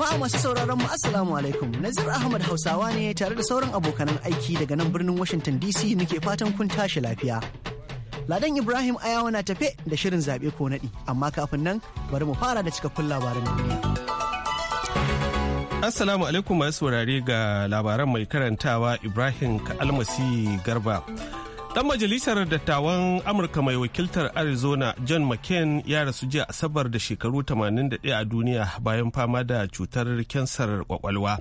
Jama'a masu sauraron mu Assalamu alaikum. Nazir Ahmad Hausawa ne tare da sauran abokanan aiki daga nan birnin Washington DC muke fatan kun tashi lafiya. Ladan Ibrahim Ayawa na tafe da shirin zaɓe ko naɗi, amma kafin nan bari mu fara da cikakkun labaran duniya. Assalamu alaikum masu saurare ga labaran mai karantawa Ibrahim Almasi Garba. Dan majalisar dattawan Amurka mai wakiltar Arizona John McCain ya rasu jiya Asabar da shekaru 81 a duniya bayan fama da cutar kyansar kwakwalwa.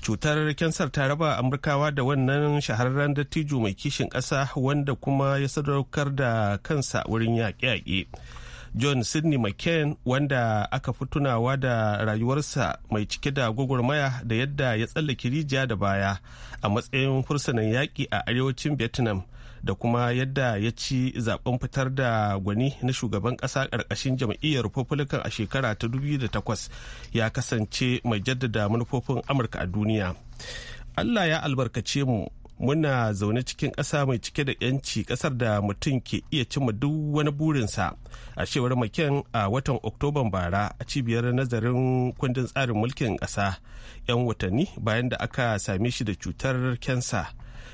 Cutar kyansar ta raba Amurkawa da wannan shahararren dattijo mai kishin ƙasa wanda kuma ya sadaukar da kansa wurin yaƙe-yaƙe. John Sidney McCain wanda aka fi tunawa da rayuwarsa mai cike da gwagwarmaya da yadda ya tsallake rijiya da baya a matsayin fursunan yaƙi a arewacin Vietnam. da kuma yadda ya ci zaben fitar da gwani na shugaban ƙasa ƙarƙashin jam'iyyar Republican a shekara ta 2008 ya kasance mai jaddada manufofin Amurka a duniya. Allah ya albarkace mu muna zaune cikin ƙasa mai cike da 'yanci ƙasar da mutum ke iya cimma duk wani burinsa a cewar makin a watan oktoban bara a cibiyar nazarin kundin tsarin mulkin ƙasa 'yan watanni bayan da aka same shi da cutar kensa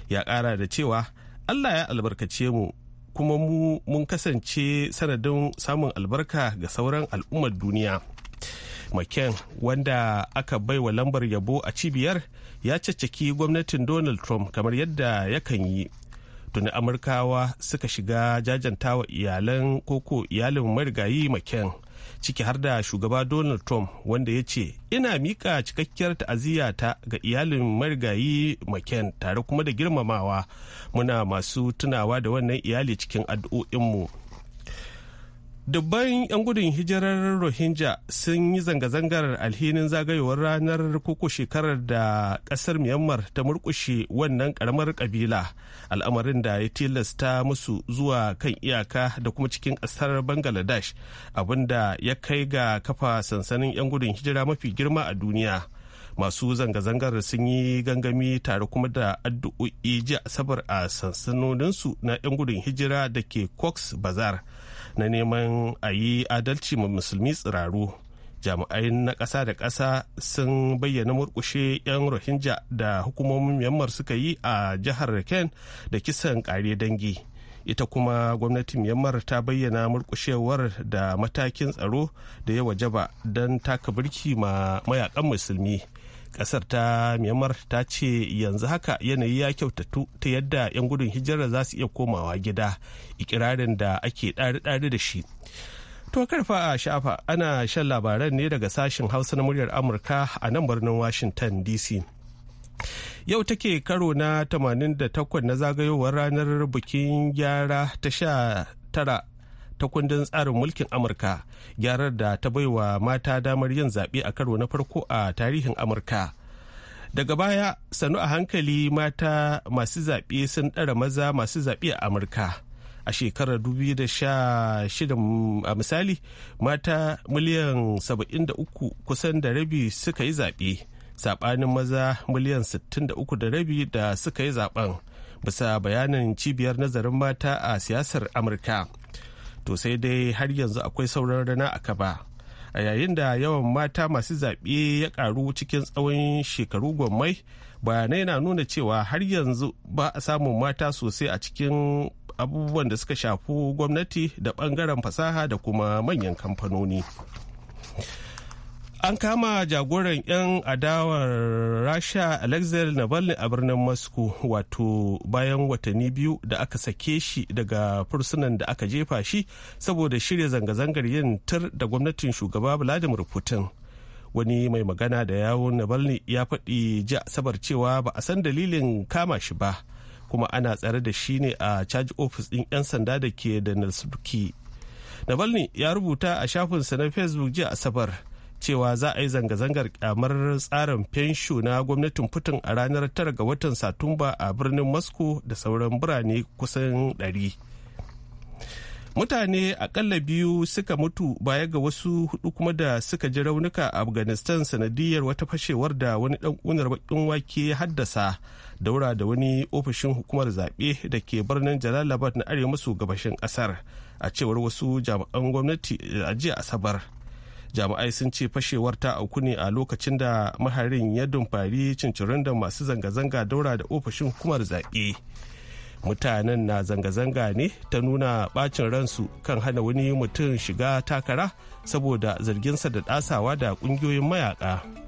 ya ƙara da cewa Allah ya albarkace mu kuma mu mun kasance sanadin samun albarka ga sauran al'ummar duniya. Maken wanda aka baiwa lambar yabo a cibiyar ya caccaki gwamnatin Donald Trump kamar yadda yakan yi. Tuni Amurkawa suka shiga jajantawa iyalan koko iyalin marigayi McCain ciki har da shugaba donald trump wanda ya ce ina mika cikakkiyar ta'aziyyata ga iyalin marigayi maken tare kuma da girmamawa muna masu tunawa da wannan iyali cikin addu'o'inmu dubban 'yan gudun hijirar rohingya sun yi zanga-zangar alhinin zagayowar ranar kuku shekarar da kasar myanmar ta murkushe wannan karamar kabila al'amarin da ya tilasta musu zuwa kan iyaka da kuma cikin kasar bangladesh abinda ya kai ga kafa sansanin 'yan gudun hijira mafi girma a duniya masu zanga-zangar sun yi gangami tare kuma da addu'o'i ji asabar a sansanoninsu na 'yan gudun hijira da ke cox bazar na neman a yi adalci ma musulmi tsiraru jami'ai na ƙasa da ƙasa sun bayyana murƙushe 'yan rohingya da hukumomin myanmar suka yi a jihar raken da kisan ƙare dangi ita kuma gwamnati myanmar ta bayyana murƙushewar da matakin tsaro da ya wajaba don taka birki ma mayakan musulmi kasar ta myanmar ta ce yanzu haka yanayi ya kyautatu ta yadda 'yan gudun hijira za su iya komawa gida ikirarin da ake ɗari-ɗari da shi to karfa a shafa ana shan labaran ne daga sashen hausa na muryar amurka a nan birnin washington dc yau take karo na 88 na zagayowar ranar bikin gyara ta sha tara ta kundin tsarin mulkin amurka gyarar da ta baiwa mata damar yin zaɓe a karo na farko a tarihin amurka daga baya sanu a hankali mata masu zaɓe sun ɗara maza masu zaɓe a amurka a shekarar 2016 a misali mata miliyan 73 kusan da rabi suka yi zaɓe saɓanin maza miliyan 63 da rabi da suka yi zaɓen bisa bayanin cibiyar nazarin mata a siyasar amurka to sai dai har yanzu akwai sauran rana a kaba a yayin da yawan mata masu zaɓe ya ƙaru cikin tsawon shekaru gwammai bayanai na nuna cewa har yanzu ba a samun mata sosai a cikin abubuwan da suka shafi gwamnati da ɓangaren fasaha da kuma manyan kamfanoni. an kama jagoran 'yan adawar rasha alexei navalny a birnin moscow wato bayan watanni biyu da aka sake shi daga fursunan da aka jefa shi saboda shirya zanga-zangar yin tur da gwamnatin shugaba vladimir putin wani mai magana da yawon navalny ya faɗi ji asabar cewa ba a san dalilin kama shi ba kuma ana tsare da shi ne a charge office ɗin 'yan sanda da ke da navalny ya rubuta a shafinsa na facebook jiya asabar cewa za a yi zanga-zangar kyamar tsarin fensho na gwamnatin putin a ranar tara ga watan satumba a birnin moscow da sauran birane kusan 100 mutane akalla biyu suka mutu baya ga wasu hudu kuma da suka ji raunuka a afghanistan sanadiyar wata fashewar da wani dan kunar bakin wake haddasa daura da wani ofishin hukumar zaɓe da ke birnin jalalabad na arewa maso gabashin ƙasar a cewar wasu jami'an gwamnati eh, a jiya asabar jami'ai sun ce fashewar ta auku ne a lokacin da maharin ya dumfari cincirin da masu zanga-zanga daura da ofishin hukumar zaɓe mutanen na zanga-zanga ne ta nuna bacin ransu kan hana wani mutum shiga takara saboda zarginsa da ɗasawa da ƙungiyoyin mayaƙa.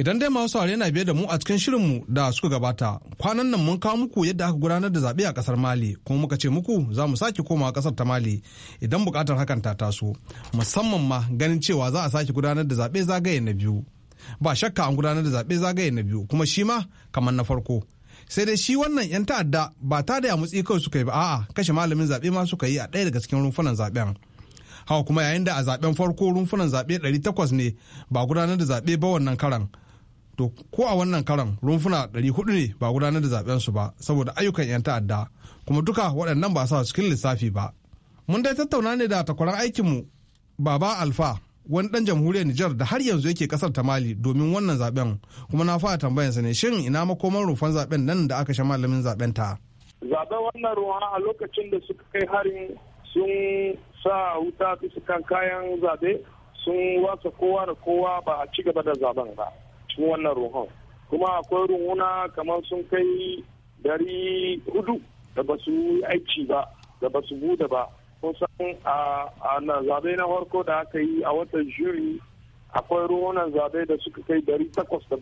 Idan dai masu saurare na biye da mu a cikin mu da suka gabata, kwanan nan mun kawo muku yadda aka gudanar da zaɓe a ƙasar Mali, kuma muka ce muku za mu sake komawa ƙasar ta Mali idan buƙatar hakan ta taso, musamman ma ganin cewa za a sake gudanar da zaɓe zagaye na biyu. Ba shakka an gudanar da zaɓe zagaye na biyu, kuma shi ma kamar na farko. sai dai shi wannan 'yan ta'adda ba ta da yamutsi kawai suka yi ba a'a kashe malamin zaɓe ma suka yi a ɗaya daga cikin rumfunan zaɓen hawa kuma yayin da a zaɓen farko rumfunan zaɓe 800 ne ba gudanar da zaɓe ba wannan karan to ko a wannan karan rumfuna 400 ne ba gudanar da zaɓen su ba saboda ayyukan 'yan ta'adda kuma duka waɗannan ba sa cikin lissafi ba mun dai tattauna ne da takwaran aikinmu baba alfa wani dan jamhuriyar Nijar da har yanzu yake kasar ta Mali domin wannan zaben kuma na fara tambayan sa ne shin ina makoman rumfan zaben nan da aka sha malamin zaben ta zaben wannan ruwa a lokacin da suka kai harin sun sa wuta su kan kayan zaɓe sun wasa kowa da kowa ba a ci gaba da zaɓen ba cikin wannan ruhon kuma akwai ruhuna kamar sun kai dari hudu da ba su yi aiki ba da ba su bude ba kusan a na zabe na farko da aka yi a watan juri akwai ruhunan zabe da suka kai dari takwas da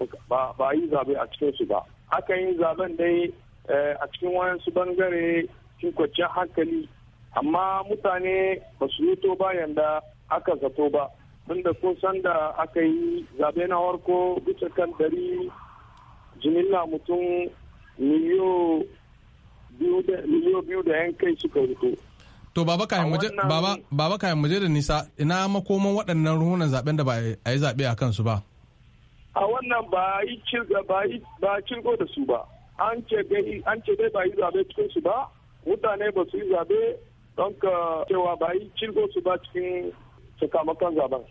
ba yi zabe a cikin su ba aka yi zaben dai eh, a cikin wayansu bangare cikin kwanciyar hankali amma mutane ba su yi to bayan da aka zato ba tunda kun san da aka yi zaɓe na farko bisa kan dari jimilla mutum miliyo biyu da yan kai suka wuto. To baba yi muje da nisa ina makoman waɗannan ruhunan zaɓen da ba a yi zaɓe a kansu ba. A wannan ba yi cirgo da su ba. An ce dai ba yi zaɓe cikin su ba, mutane ba su yi zaɓe don ka cewa ba yi cirgo su ba cikin sakamakon zaben.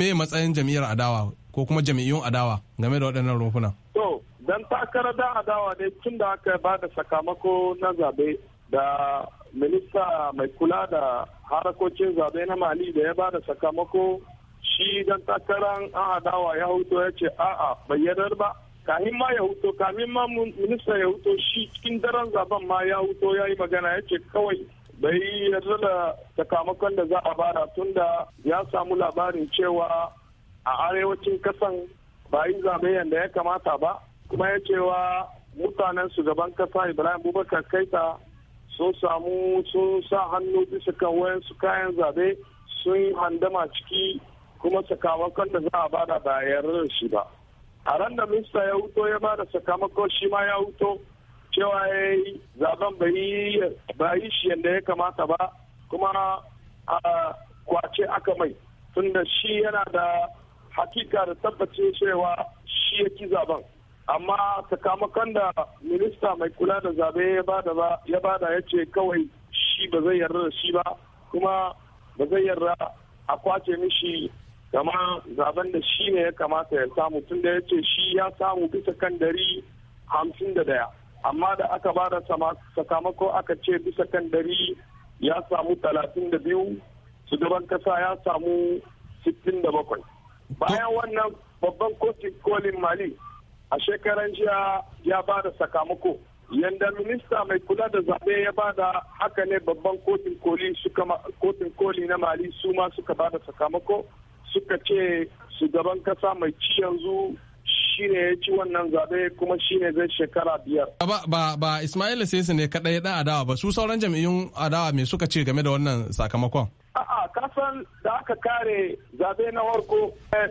matsayin jam'iyyar adawa ko kuma jam'iyyun adawa game da waɗannan rumfuna? to dan takara da adawa ne tun da aka ba da sakamako na zabe da minista mai kula da harakocin zabe na mali da ya ba da sakamako shi dan takarar an adawa ya huto ya ce a'a bayyanar ba kamin ma ya huto kamin ma minista ya huto shi cikin daren zaben ma ya huto ya yi magana ya ce kawai bai yarda da sakamakon da za a tun tunda ya samu labarin cewa a arewacin kasan ba yi zaɓe yadda ya kamata ba kuma ya cewa mutanen shugaban kasa ibrahim bubakar kaita sun samu sun sa hannu bisa kan wayan su kayan zaɓe sun yi handama ciki kuma sakamakon da za a bada ba yarda da shi ba a ran da minista ya huto ya bada sakamakon shi ma ya huto cewa ya yi zaben ba yi shi yadda ya kamata ba kuma a kwace aka mai tunda shi yana da hakika da tabbace cewa shi ya ki zaben amma sakamakon da minista mai kula da zabe ya bada ya ce kawai shi ba zai yarda da shi ba kuma ba zai yarda a kwace mishi kama zaben da shi ne ya kamata ya samu tunda ya ce shi ya samu bisa kan dari hamsin da daya amma da aka ba da sakamako aka ce bisa kan dari ya samu talatin da biyu shugaban kasa ya samu sittin da bakwai bayan wannan babban kotun kolin mali a shekaran jiya ya ba da sakamako yadda minista mai kula da zaɓe ya ba da haka ne babban kotun koli kotun koli na mali su ma suka ba da sakamako suka ce shugaban kasa mai ci yanzu shine ya ci wannan zabe kuma shine zai shekara biyar. Ba ba ba Ismail Sesi ne kaɗai da adawa ba su sauran jam'iyyun adawa me suka ce game da wannan sakamakon? A'a kasan da aka kare zabe na warko eh,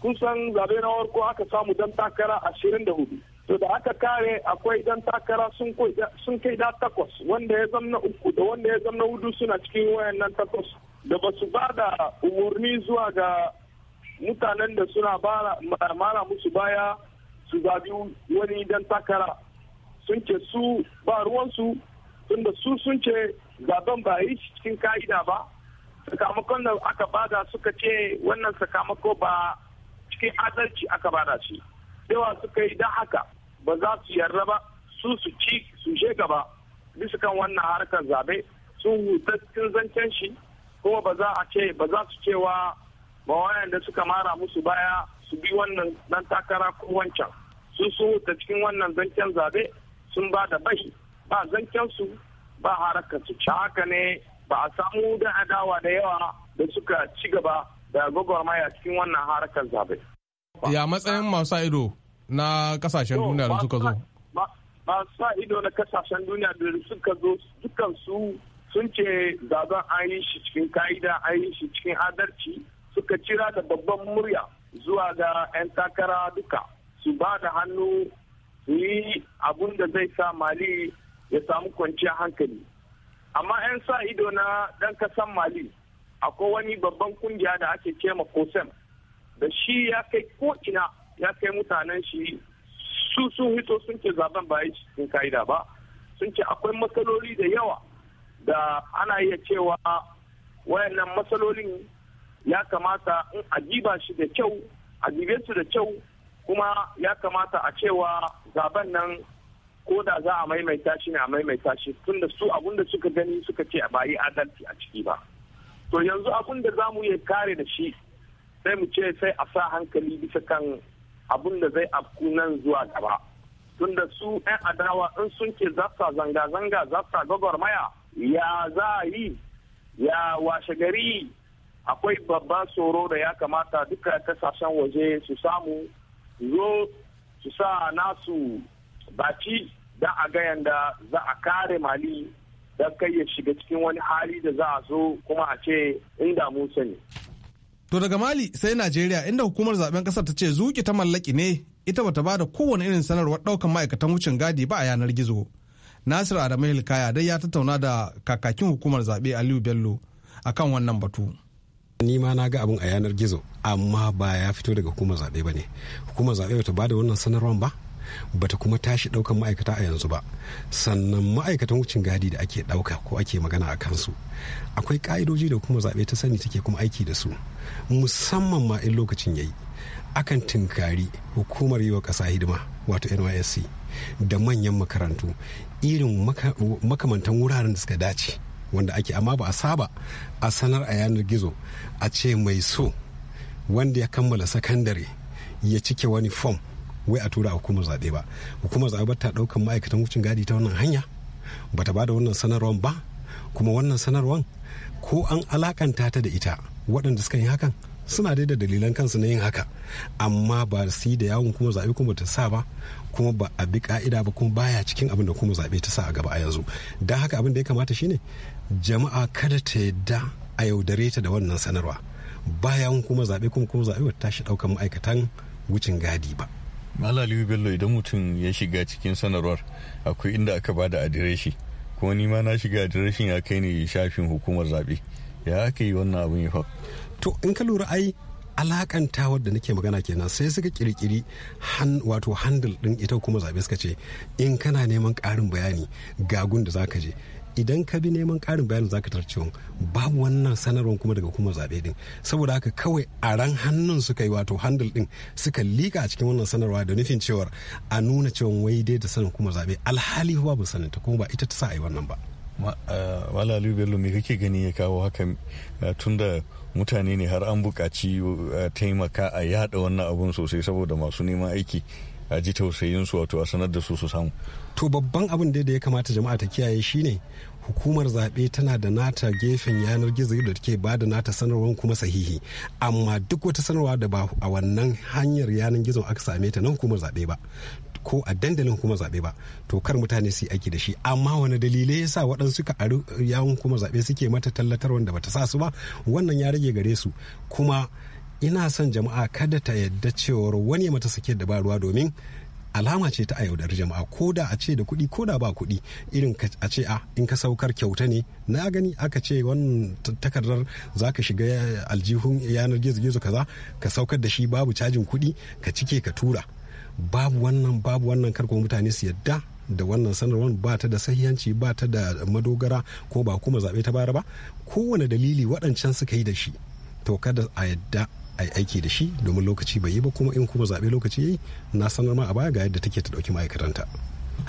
kusan zabe na warko aka samu dan takara ashirin da hudu. To da aka kare akwai dan takara sun kai da takwas wanda ya zamna uku da wanda ya zamna hudu suna cikin wayannan takwas da ba su ba da umarni zuwa ga mutanen da suna mara musu baya su zabi wani dan takara sun ce su ba ruwansu tunda su sun ce zaben ba yi cikin ka'ida ba sakamakon da aka bada suka ce wannan sakamako ba cikin adalci aka bada shi yawa suka yi don haka ba za su yarda ba su su ci su je gaba bisa kan wannan harkar zabe sun hutattun zancen shi kuma ba za a ce ba za su cewa ba wayanda suka mara musu baya su bi wannan dan takara ko wancan sun su wuta cikin wannan zancen zabe sun ba da bashi ba zancen su ba harakar su ci haka ne ba a samu da adawa da yawa da suka ci gaba da gwagwarmaya cikin wannan harakar zabe. ya matsayin masu ido na kasashen duniya da suka zo masu ido na kasashen duniya da suka zo dukansu sun ce zaben an yi shi cikin ka'ida an yi shi cikin adalci suka cira da babban murya zuwa ga 'yan takara duka su ba da hannu su yi abun da zai sa mali ya samu kwanciyar hankali amma 'yan sa ido na ɗan kasan mali akwai wani babban kungiya da ake kema kosem da shi ya kai ko'ina ya kai mutanen shi su sun hito sun ce zaben ba yi cikin ka'ida ba sun ce akwai matsaloli da yawa da ana iya cewa wayannan matsalolin ya kamata in a shi da kyau a su da kyau kuma ya kamata a cewa zaben nan ko da za a maimaita shi ne a maimaita shi tunda su abun da suka gani suka ce ba yi adalci a ciki ba to yanzu abun da za mu iya kare da shi sai mu ce sai a sa hankali bisa kan abun da zai afku nan zuwa gaba tunda su 'yan adawa in sun ke zafta zanga-zanga zafta gwagwarmaya ya za yi ya washe gari akwai babban tsoro da ya kamata duka kasashen waje su samu zo su sa nasu baci da a gayan da za a kare mali don kai ya shiga cikin wani hali da za a zo kuma a ce inda mun sani. To daga Mali sai Najeriya inda hukumar zaben kasar ta ce zuki ta mallaki ne ita bata bada kowane irin sanarwar daukan ma'aikatan wucin gadi ba a yanar gizo. nasir Adamu Hilkaya dai ya tattauna da kakakin hukumar zaɓe Aliyu Bello akan wannan batu. ni ma na ga abin a yanar gizo amma ba ya fito daga hukumar zaɓe ba ne hukumar zaɓe bata ba da wannan sanarwar ba bata kuma tashi ɗaukan ma'aikata a yanzu ba sannan ma'aikatan wucin gadi da ake ɗauka ko ake magana a kansu akwai ƙa'idoji da hukumar zaɓe ta sani take kuma aiki da su musamman ma in lokacin yayi akan tinkari hukumar yi wa ƙasa hidima wato nysc da manyan makarantu irin makamantan wuraren da suka dace wanda ake amma ba a saba a sanar a yanar gizo a ce mai so wanda ya kammala sakandare ya cike wani fom wai a tura a hukumar zaɓe ba hukumar zaɓe ba ta ɗaukar ma'aikatan wucin gadi ta wannan hanya ba ta bada wannan sanarwar ba kuma wannan sanarwar ko an alakanta ta da ita waɗanda suka yi hakan suna dai da dalilan kansu na yin haka amma ba su yi da yawon kuma zaɓe kuma ta sa ba kuma ba a bi ka'ida ba kuma baya cikin abin da kuma zaɓe ta sa a gaba a yanzu don haka abin da ya kamata shine jama'a kada ta yadda a yaudare ta da wannan sanarwa ba yawon kuma zaɓe kuma kuma zaɓe ta tashi ɗaukar ma'aikatan wucin gadi ba Malaliyu Bello idan mutum ya shiga cikin sanarwar akwai inda aka ba da adireshi kuma ni ma na shiga adireshin ya kai ne shafin hukumar zaɓe ya aka yi wannan abin ya to in ka lura ai alakanta wadda nake magana kenan sai suka kirkiri wato handle din ita kuma zabe suka ce in kana neman karin bayani gun da zaka je idan ka bi neman karin bayani zaka tarci babu wannan sanarwar kuma daga kuma zabe din saboda haka kawai a ran hannun suka yi wato handle din suka lika a cikin wannan sanarwa da nufin cewa a nuna cewa wai dai da sanin kuma zabe alhali babu sanin ta kuma ba ita ta sa a yi wannan ba malalu bello me kake gani ya kawo haka tunda mutane ne har an buƙaci taimaka a yada wannan abun sosai saboda masu neman aiki a ji tausayin su wato a sanar da su su samu to babban abin da ya kamata jama'a ta kiyaye shine hukumar zaɓe tana da nata gefen yanar gizo da take ba da nata sanarwar kuma sahihi amma duk wata sanarwa da ba a wannan hanyar yanar gizo aka same ta nan hukumar zaɓe ba ko a dandalin kuma zaɓe ba to kar mutane su yi aiki da shi amma wani dalilai yasa waɗansu ka aru yawon kuma zaɓe suke mata tallatar wanda bata sa su ba wannan ya rage gare su kuma ina son jama'a kada ta yadda cewar wani mata sake da ba ruwa domin alama ce ta a yaudar jama'a ko da a ce da kuɗi ko da ba kuɗi irin a ce a in ka saukar kyauta ne na gani aka ce wannan takardar za ka shiga aljihun yanar gizo-gizo kaza ka saukar da shi babu cajin kuɗi ka cike ka tura babu wannan babu wannan karko mutane su yadda da wannan sanarwar ba ta da sahihanci ba ta da madogara ko ba kuma zaɓe ta bara ba kowane dalili waɗancan suka yi da shi to kada a yadda a yi aiki da shi domin lokaci bai yi ba kuma in kuma zaɓe lokaci yi na sanar ma a baya ga yadda take ta ɗauki ma'aikatanta.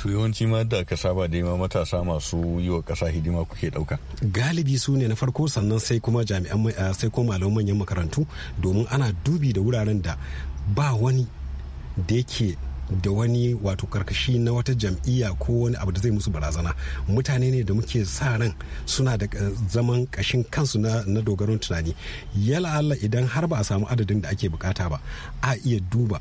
to yawanci ma da aka saba da ma matasa masu yi wa ƙasa hidima kuke ɗauka. galibi su ne na farko sannan sai kuma jami'an eh, sai kuma malaman manyan makarantu domin ana dubi da wuraren da ba wani da yake da wani wato karkashi na wata jam'iyya ko wani abu da zai musu barazana mutane ne da muke sa ran suna da eh, zaman kashin kansu na dogaron tunani yala Allah idan har ba a samu adadin da ake bukata ba a iya duba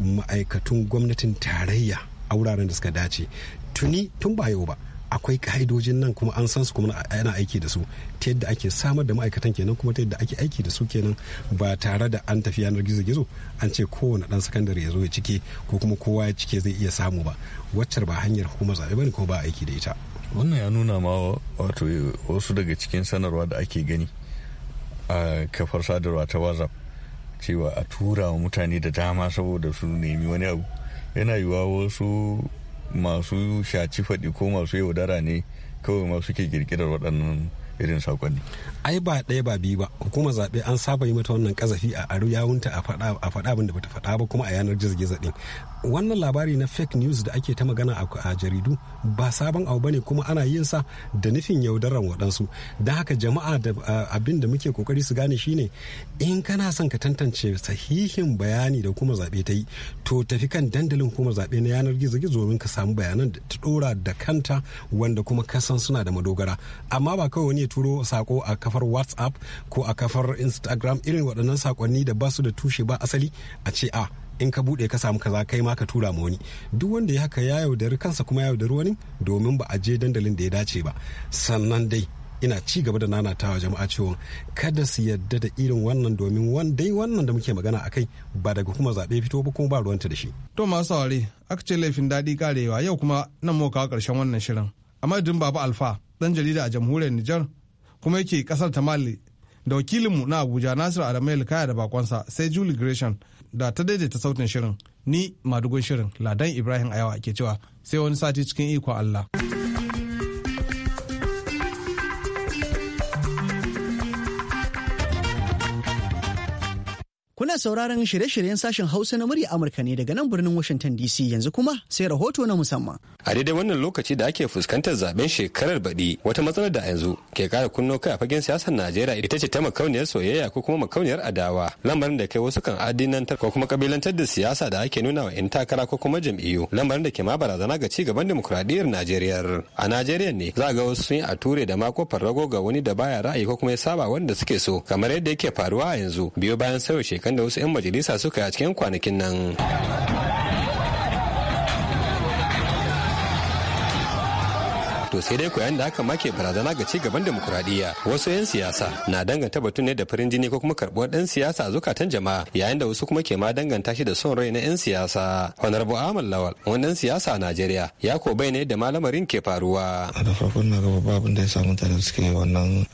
ma'aikatun gwamnatin tarayya a wuraren da suka dace tuni tun ba yau ba akwai ka'idojin nan kuma an san su kuma yana aiki da su ta yadda ake samar da ma'aikatan kenan kuma ta yadda ake aiki da su kenan ba tare da an tafi yanar gizo-gizo an ce kowane dan sakandare ya zo ya cike ko kuma kowa ya cike zai iya samu ba waccar ba hanyar hukumar zaɓe bane ko ba aiki da ita wannan ya nuna ma wato wasu daga cikin sanarwa da ake gani a kafar sadarwa ta whatsapp cewa a tura wa mutane da dama saboda su nemi wani abu yana yiwuwa wasu masu shaci faɗi ko masu yaudara ne kawai ma suke kirkirar waɗannan irin saƙonni. ai ba ɗaya ba biyu ba hukumar zaɓe an saba yi mata wannan ƙazafi a aru yawunta a faɗa abin da bata faɗa ba kuma a yanar gizo gizo ɗin wannan labari na fake news da ake ta magana a jaridu ba sabon abu bane kuma ana yin sa da nufin yaudaran waɗansu don haka jama'a da abin da muke kokari su gane shine in kana son ka tantance sahihin bayani da kuma zaɓe ta yi to tafi kan dandalin kuma zaɓe na yanar gizo gizo domin ka samu bayanan da ta ɗora da kanta wanda kuma ka san suna da madogara amma ba kawai wani ya turo sako a kafar whatsapp ko a kafar instagram irin waɗannan saƙonni da ba su da tushe ba asali a ce a in ka bude ka samu kaza kai ma ka tura ma wani duk wanda ya haka ya yaudari kansa kuma ya yaudari wani domin ba a je dandalin da ya dace ba sannan dai ina ci gaba da nanatawa jama'a cewa kada su yadda da irin wannan domin wandai wannan da muke magana a kai ba daga kuma zaɓe fito ba kuma ba ruwanta da shi. To masu saurari aka ce laifin daɗi karewa yau kuma nan mu kawo ƙarshen wannan shirin. A madadin Baba Alfa ɗan jarida a jamhuriyar Nijar kuma yake kasar ta Mali da wakilinmu na Abuja Nasiru Adamu Kaya da bakonsa sai Julie Gresham da ta daidaita sautin shirin ni madugun shirin ladan ibrahim ayawa ke cewa sai wani sati cikin ikon allah. Kuna sauraron shirye-shiryen sashen Hausa na murya Amurka ne daga nan birnin Washington DC yanzu kuma sai rahoto na musamman. A daidai wannan lokaci da ake fuskantar zaben shekarar baɗi wata matsalar da yanzu ke kara kunno kai a fagen siyasar Najeriya ita ce ta makauniyar soyayya ko kuma makauniyar adawa lamarin da kai wasu kan adinantar ko kuma kabilantar da siyasa da ake nuna wa in takara ko kuma jam'iyyu lamarin da ke ma barazana ga ci gaban demokuraɗiyyar Najeriya. A Najeriya ne za ga wasu sun yi a ture da mako farrago ga wani da baya ra'ayi ko kuma ya saba wanda suke so kamar yadda yake faruwa yanzu biyo bayan sauya matakan da wasu 'yan majalisa suka yi a cikin kwanakin nan to sai dai koyan da haka ma ke barazana ga ci gaban demokuraɗiyya wasu 'yan siyasa na danganta batun ne da farin jini ko kuma karɓuwar ɗan siyasa a zukatan jama'a yayin da wasu kuma ke ma danganta shi da son rai na 'yan siyasa honorable amal lawal wani ɗan siyasa a najeriya ya ko bai ne da malamarin ke faruwa a da farkon na gaba babin da ya samu suke wannan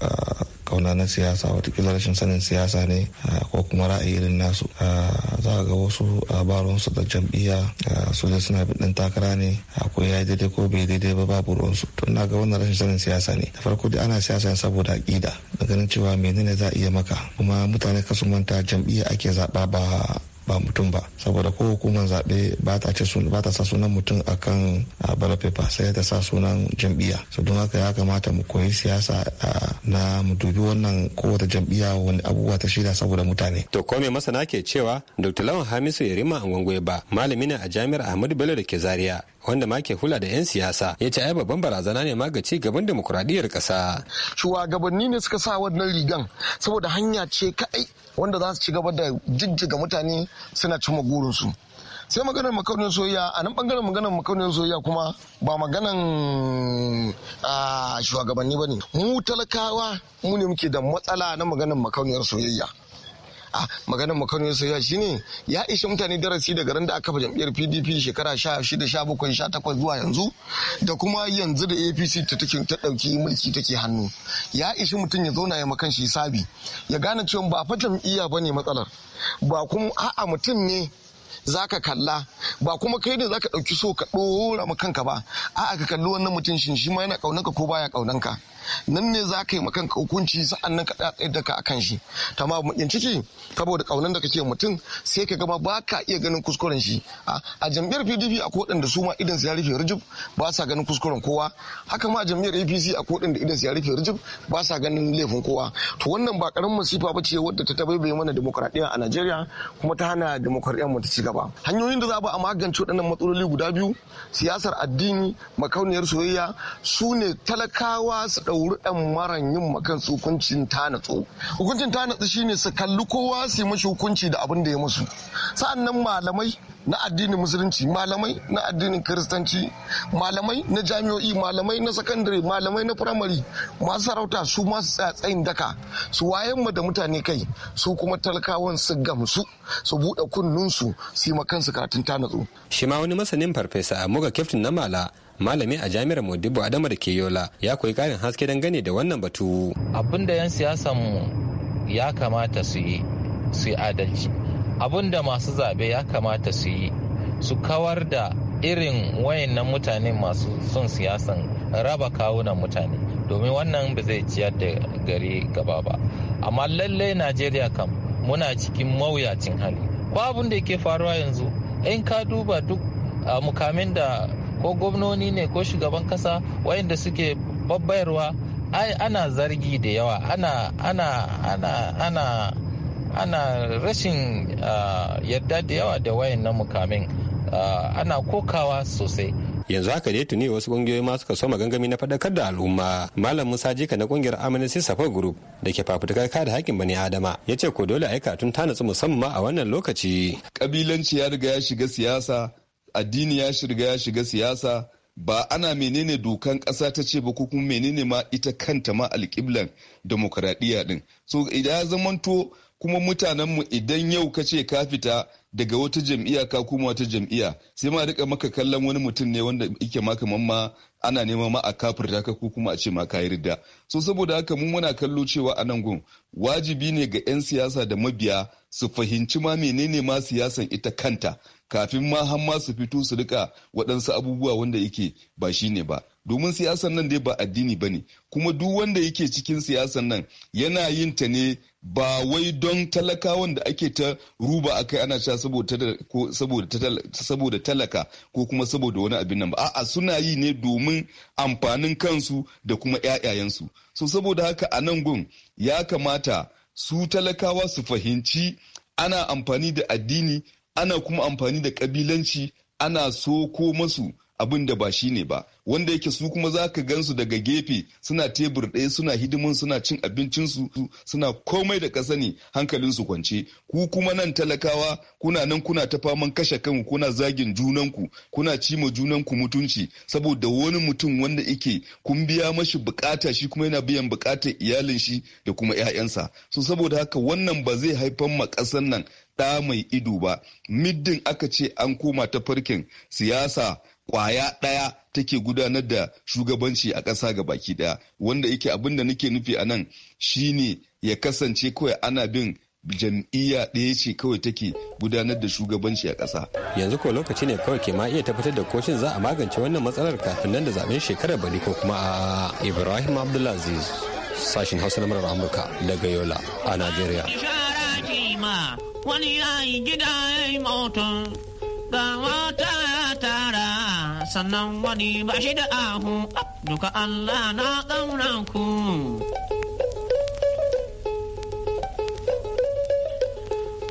kauna na siyasa watakila rashin sanin siyasa ne ko kuma ra'ayi irin nasu za ga wasu baronsu da jam'iyya su suna bin takara ne akwai ya daidai ko bai daidai ba babu ruwansu to ina ga wannan rashin sanin siyasa ne da farko dai ana siyasa saboda aƙida da ganin cewa menene za a iya maka kuma mutane kasu manta jam'iyya ake zaɓa ba ba mutum ba saboda ko hukumar zaɓe ba ta ce ba ta sa sunan mutum akan ballot paper sai ta sa sunan jam'iyya so don haka ya kamata mu koyi siyasa na mu dubi wannan kowace jam'iyya wani abubuwa ta shida saboda mutane to ko me masana ke cewa dr lawan hamisu ya yarima gwangwai ba malami ne a jami'ar ahmadu bello da ke zaria wanda ma ke kula da 'yan siyasa ya ce ai babban barazana ne ma ga ci gaban demokuraɗiyyar ƙasa. shugabanni ne suka sa wannan rigan saboda hanya ce kaɗai wanda za su ci gaba da jijjiga mutane suna cimma gurinsu. sai maganar makaunin soyayya a nan bangaren maganar makaunin soyayya kuma ba maganan shugabanni ba ne mu talakawa mu ne muke da matsala na maganar makauniyar soyayya a ah, maganar Makano Yusuf ya ne ya ishe mutane darasi daga ran da aka kafa jam'iyyar PDP shekara 16 17 takwas zuwa yanzu da kuma yanzu da APC ta take ta dauki mulki take hannu ya ishi mutum ya zauna ya makan shi sabi ya gane cewa ba fa jam'iyya bane matsalar ba kuma a'a mutum ne zaka kalla ba kuma kai da zaka dauki so ka dora ma kanka ba a'a ka kalli wannan mutum shin shi ma yana kaunanka ko baya kaunanka nan ne za ka yi makan hukunci sa'an nan ka tsayar da ka akan shi ta ma bakin ciki saboda kaunan da kake mutum sai ka gama ba ka iya ganin kuskuren shi a jam'iyyar pdp a kodin da su ma idan su ya rufe rijib ba sa ganin kuskuren kowa haka ma jam'iyyar apc a kodin da idan su ya rufe rijib ba sa ganin laifin kowa to wannan ba karamin masifa ba ce wadda ta tabaibaye mana demokradiyya a najeriya kuma ta hana demokradiyyar mu ta ci gaba hanyoyin da za a magance waɗannan matsaloli guda biyu siyasar addini makauniyar soyayya su ne talakawa su ɗau tsoro ɗan maran yin makan hukuncin ta natsu hukuncin ta natsu shine su kalli kowa su mashi hukunci da abin da ya musu nan malamai na addinin musulunci malamai na addinin kiristanci malamai na jami'o'i malamai na sakandare malamai na firamare masu sarauta su masu tsatsayin daka su wayan mu da mutane kai su kuma talakawan su gamsu su buɗe kunnunsu su yi makansu karatun ta natsu shi wani masanin farfesa muga kyaftin na mala malami a jami'ar modibo adama da ke yola ya koyi karin haske dangane da wannan batu abin da 'yan siyasan mu ya kamata su yi su yi adalci abin da masu zaɓe ya kamata su yi su kawar da irin wayannan mutane masu son siyasan raba kawunan mutane domin wannan ba zai ciyar da gari gaba ba amma lallai najeriya kam muna cikin mawuyacin hali ko abin da ke faruwa yanzu in ka duba duk ah, mukamin da ko gwamnoni ne ko shugaban kasa wayanda suke babbayarwa ai ana zargi da yawa ana ana ana ana ana rashin ah, yarda da yawa da wayan na mukamin ah, ana kokawa sosai yanzu haka dai tuni wasu kungiyoyi ma suka soma gangami na faɗakar da al'umma malam musa jika na kungiyar amnesty safar group da ke fafutukar kada hakkin bani adama ya ce ko dole aika tun ta natsu musamman a wannan lokaci kabilanci ya riga ya shiga siyasa addini ya shirga ya shiga siyasa ba ana menene dokan ƙasa ta ce ba ko kuma menene ma ita kanta ma alƙiblan demokradiyya din so idan ya zamanto kuma mutanen mu idan yau ka ce ka fita daga wata jam'iyya ka kuma wata jam'iyya sai ma rika maka kallon wani mutum ne wanda yake ma kaman ma ana neman ma a kafirta ka ko kuma a ce ma kayi ridda so saboda haka mun muna kallo cewa a nan gun wajibi ne ga 'yan siyasa da mabiya su fahimci ma menene ma siyasan ita kanta kafin ma har ma su fito su rika waɗansu abubuwa wanda yake ba shi ne ba domin siyasan nan dai ba addini ba ne kuma duk wanda yake cikin siyasan nan yana yin ta ne ba wai don talakawan da ake ta ruba a kai ana sha saboda talaka ko kuma saboda wani abin nan ba a'a suna yi ne domin amfanin kansu da kuma 'ya'yayensu so saboda haka a nan gun ya kamata su talakawa su fahimci ana amfani da addini ana kuma amfani da kabilanci ana soko masu abin da ba shi ne ba wanda yake su kuma za ka gansu daga gefe suna tebur ɗaya suna hidimin suna cin abincinsu suna komai da ƙasa ne hankalinsu kwance ku kuma nan talakawa kuna nan kuna ta faman kashe kanku kuna zagin junanku kuna cima junanku mutunci saboda wani mutum wanda yake kun biya mashi bukata shi kuma yana biyan bukatar iyalin shi da kuma 'ya'yansa so saboda haka wannan ba zai haifan ma ƙasan nan ɗa mai ido ba middin aka ce an koma ta farkin siyasa kwaya ɗaya take gudanar da shugabanci a ƙasa ga baki ɗaya wanda yake abin da nake nufi a nan shine ya kasance kawai ana bin jam'iyya ɗaya ce kawai take gudanar da shugabanci a ƙasa. yanzu ko lokaci ne kawai ke ma iya tabbatar da koshin za a magance wannan matsalar kafin nan da zaben shekarar bari ko kuma a ibrahim abdulaziz sashin hausa na murar amurka daga yola a najeriya wani ya yi gida ya yi mota ga mata ya tara sannan wani ba shi da ahu duka Allah na ƙauna ku.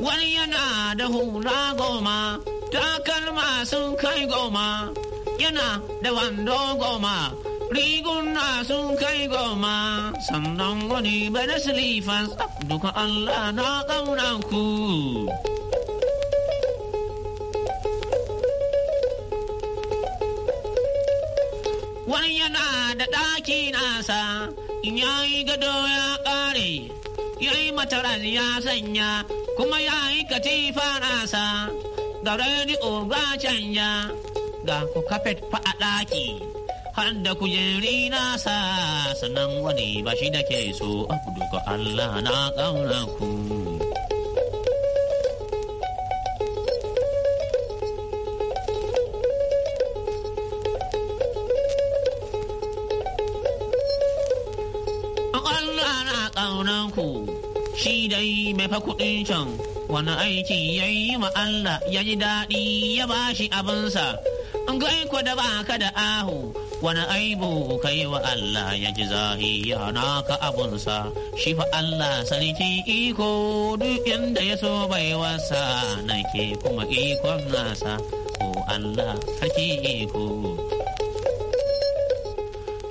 Wani yana da hula goma, takalma sun kai goma, yana da wando goma. riguna sun kai goma sannan wani bane silifan duka Allah na ƙaunan ku. Wani yana da ɗaki nasa in yayi gado ya ƙare, yayi mataras ya sanya kuma yayi katifa nasa ga rediyo ba canja ga ku kafet fa a ɗaki. Hadda da kujeri na sa sannan wani ba shi da ke so a ga Allah na ku. Allah na ku shi dai mai fa kuɗin can wani aiki ya yi ma Allah ya ji daɗi ya ba shi abinsa. ga da ba ka da ahu wani aibu kai wa Allah ya ji zahiya ka abunsa shi fa Allah sarki iko duk inda ya so bai wasa ke kuma ikon nasa ko Allah sarki iko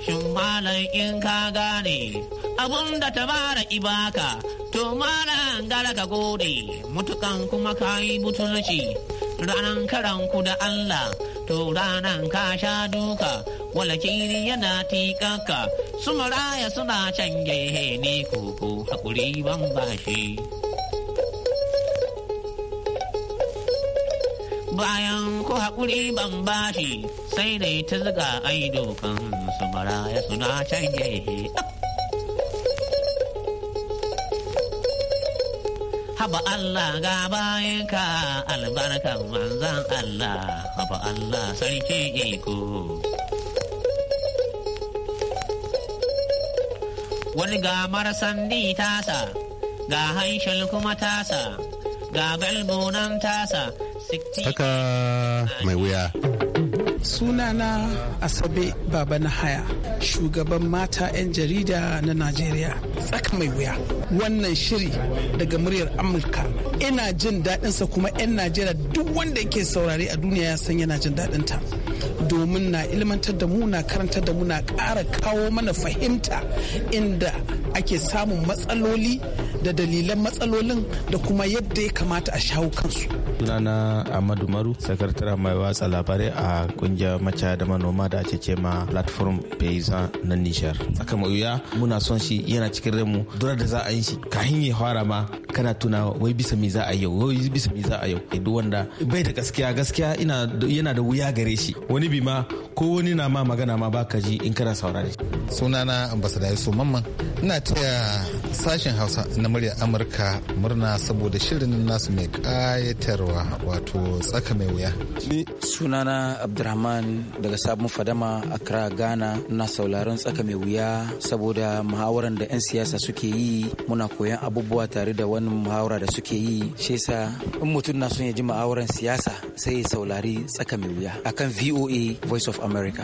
shin malam in ka gane abun da ta mara ibaka to malam gara ka gode mutukan kuma ka yi butulci ranan karanku da Allah to ranan ka sha duka walakiri yana tikaka su maraya suna can gehe ne koko hakuri ban bashi bayan ko hakuri ban bashi sai dai ta zuga aido kan su maraya suna can gehe haba Allah ga bayanka albarkan manzan Allah haba Allah sarki iko. wani ga marasan di tasa ga hanshal kuma tasa ga galbonan tasa haka mai wuya sunana asabe baba na haya shugaban mata 'yan jarida na najeriya tsaka mai wuya wannan shiri daga muryar amurka ina jin daɗinsa kuma 'yan najeriya duk wanda yake saurare a duniya ya san yana jin daɗinta domin na ilmantar da mu na karantar da mu na ƙara kawo mana fahimta inda ake samun matsaloli da dalilan matsalolin da kuma yadda ya kamata a shawo kansu sunana Amadu Maru, sakataren mai watsa labarai a kungiyar maca da manoma da ake ce ma platform paysan na Nijar. Tsaka mai wuya muna son shi yana cikin ranmu durar da za a yi shi kahin ya fara ma kana tuna wai bisa me za a yau wai bisa me za a yau duk wanda bai da gaskiya gaskiya ina yana da wuya gare shi wani bi ma ko wani na ma magana ma baka ji in kana saurare. Sunana ambassador Yusuf Mamman ina taya sashen hausa na murya amurka murna saboda shirin nasu mai kayatarwa wato tsaka mai wuya sunana abdurrahman daga sabon fadama accra ghana na sauraron tsaka mai wuya saboda muhawaran da 'yan siyasa suke yi muna koyan abubuwa tare da wani muhawara da suke yi shi yasa in mutum na son ya ji muhawaran siyasa sai ya saurari tsaka mai wuya akan voa voice of america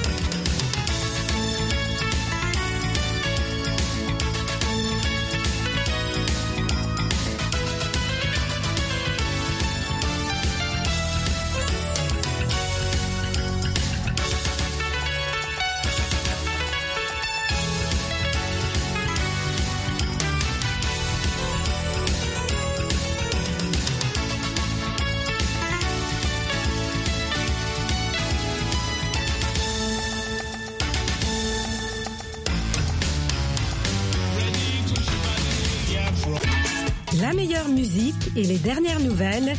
Dernière nouvelle...